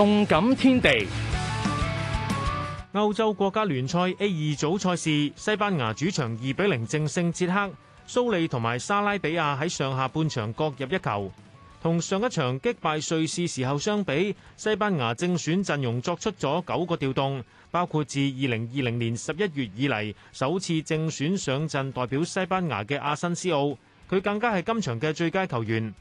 動感天地，歐洲國家聯賽 A 二組賽事，西班牙主場二比零正勝捷克，蘇利同埋莎拉比亞喺上下半場各入一球。同上一場擊敗瑞士時候相比，西班牙正選陣容作出咗九個調動，包括自二零二零年十一月以嚟，首次正選上陣代表西班牙嘅阿申斯奧，佢更加係今場嘅最佳球員。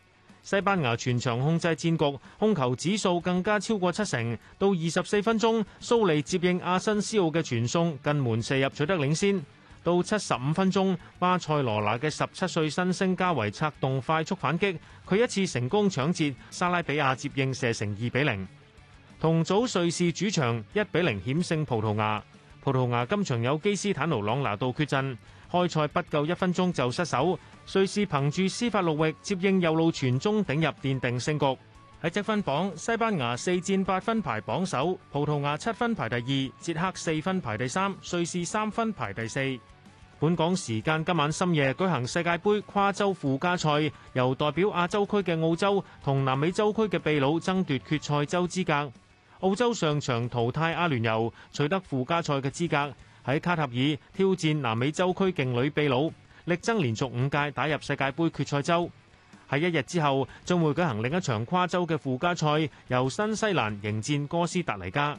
西班牙全場控制戰局，控球指數更加超過七成。到二十四分鐘，蘇利接應阿辛斯奧嘅傳送，近門射入取得領先。到七十五分鐘，巴塞羅那嘅十七歲新星加維策動快速反擊，佢一次成功搶截，沙拉比亞接應射成二比零。同組瑞士主場一比零險勝葡萄牙。葡萄牙今場有基斯坦奴朗拿度缺陣，開賽不夠一分鐘就失守。瑞士憑住司法路域接應右路傳中，頂入奠定勝局。喺積分榜，西班牙四戰八分排榜首，葡萄牙七分排第二，捷克四分排第三，瑞士三分排第四。本港時間今晚深夜，舉行世界盃跨洲附加賽，由代表亞洲區嘅澳洲同南美洲區嘅秘魯爭奪決賽周資格。澳洲上場淘汰阿聯酋，取得附加賽嘅資格，喺卡塔爾挑戰南美洲區勁旅秘魯，力爭連續五屆打入世界盃決賽周。喺一日之後，將會舉行另一場跨洲嘅附加賽，由新西蘭迎戰哥斯達黎加。